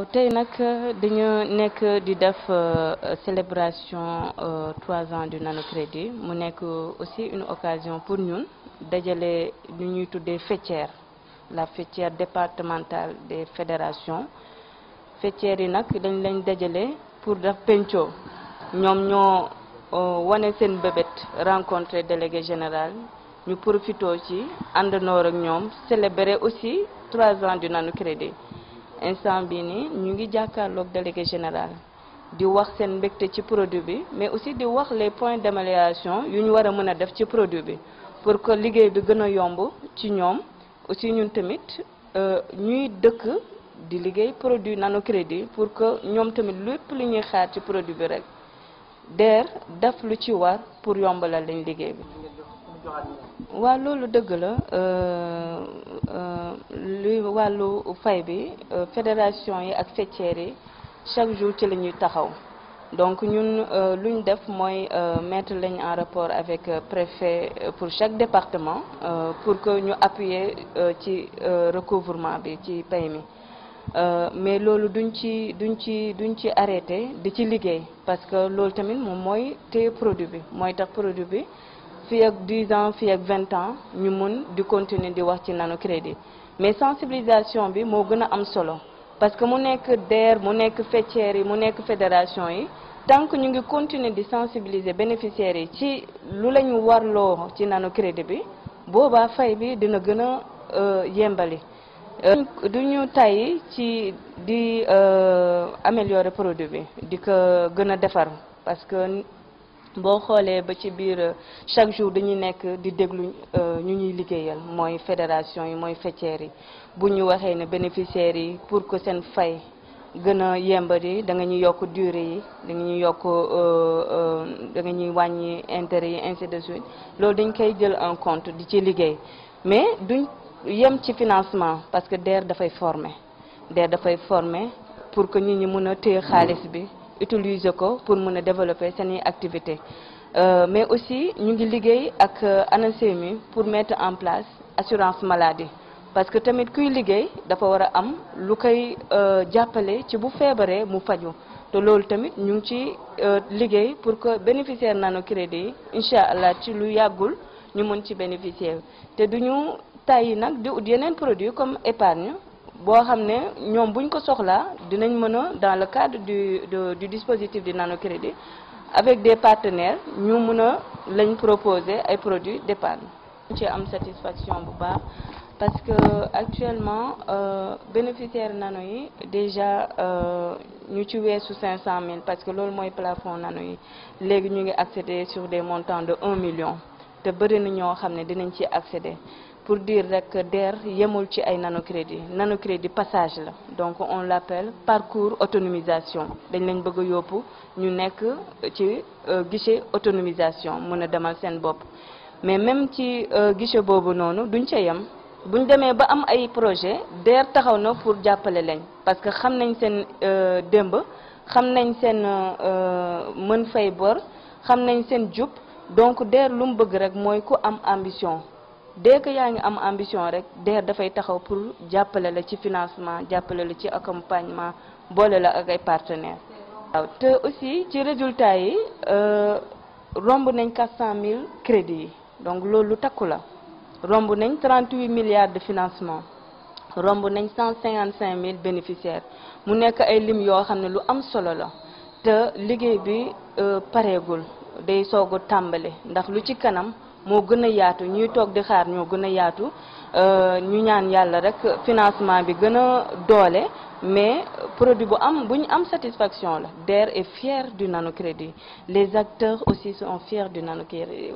Aujourd'hui, nous dañu nek di def euh, célébration euh, trois ans du Nano Crédit mu nek aussi une occasion pour ñun dajalé lu ñuy tuddee fétière la fétière départementale des fédérations fétière yi nag dañ lañ dajalé pour def pencho ñom ñoo euh, wane sen bébét rencontrer délégué général ñu profito ci nor ak ñom célébrer aussi trois ans du Nano Crédit instant bi nii ñu ngi jàkkaarloog délégué général di wax seen mbégte ci produit bi mais aussi di wax les points d'amélioration yu ñu war a mën a def ci produit bi pour que liggéey bi gën a yomb ci ñoom aussi ñun tamit euh, ñuy dëkk di liggéey produit nano crédit pour que ñoom tamit lépp li ñuy xaar ci produit bi rek DER daf lu ci war pour yombalal lañ liggéey bi waaw loolu dëgg la euh, euh, luy wàllu fay bi euh, fédération yi ak yi chaque jour ci lañuy taxaw donc ñun luñ def mooy mettre lañ en rapport avec préfet pour chaque département pour que ñu appuyer ci recouvrement bi ci pay euh mais loolu duñ ci duñ ci duñ ci arrêter di ci liggéey parce que loolu tamit mom moy té produit bi moy tax produit bi fii ak 10 ans fii ak 20 ans nous avons di continuer di wax ci crédit mais sensibilisation bi moo solo parce que mu nekk DER mu nekk faîtières mu fédération tant que nous continuons de sensibiliser les bénéficiaires si ci lu la ñu warloo ci nanu crédit nous boobaa fay bi dina gën a euh, euh, du tay euh, améliorer produit bi di ko parce que. boo xoolee ba ci biir euh, chaque jour dañuy nekk di déglu euh, ñu ñuy liggéeyal mooy fédération yi mooy faîtières yi bu ñu waxee ne bénéficiaires yi pour que seen fay gën a yembari da nga ñuy yokk durée yi da nga ñuy yokk euh, da nga ñuy wàññi intérêt yi ainsi de suite loolu dañ koy jël en compte di ci liggéey mais duñ yem ci financement parce que DER dafay former DER dafay former pour que nit ñu mën a téye xaalis bi utiliser ko pour mën a développer seeni activité euh, mais aussi ñu ngi liggéey ak euh, mi pour mettre en place assurance maladie parce que tamit kuy liggéey dafa war a am lu koy euh, jàppale ci bu feebaree mu faju te loolu tamit ñu ngi ci liggéey pour que bénéficiaire nano crédit yi incha allah ci lu yàggul ñu mën ci bénéficier te du duñu tàyyi nag di yeneen produit comme épargne dans le cadre du du, du dispositif de nanocrédit avec des partenaires nous mën proposer des produits d'épargne ci am satisfaction parce que actuellement euh, bénéficiaire nanoï déjà euh, ñu ci 500 000 parce que le moyen plafond nano yi léegi accéder sur des montants de 1 million De bëri na ñoo accéder pour dire rek DER yemul ci ay nano crédit passage la donc on l'appelle parcours autonomisation dañ lañ bëgg yop ñu nekk ci euh, guichet autonomisation mëna damal sen bop mais même ci euh, guichet bobu noonu duñ ca yem buñ démé ba am ay projet DER taxaw na pour jappalé lañ parce que xam nañ sen euh, demb xam nañ sen mën fay bor xam nañ sen djup donc DER lu mu bëgg rek moy ku am ambition dès yaa ngi am ambition rek DER dafay taxaw pour jàppale la ci financement jàppale la ci accompagnement boole la ak ay partenaires. waaw te aussi ci résultat yi euh, romb nañ 400000 crédits yi donc loolu takku la romb nañ 38 milliards de financement romb nañ 155000 bénéficiaires mu nekk ay lim yoo xam ne lu am solo la te liggéey bi euh, pareegul day soog a tàmbali ndax lu ci kanam. moo gën a yaatu ñuy toog di xaar ñoo gën a yaatu euh, ñu ñaan yàlla rek financement bi gën a mais produit bu am bu ñu am satisfaction la DER est fier du nanocrédit les acteurs aussi sont fiers du nanocrédit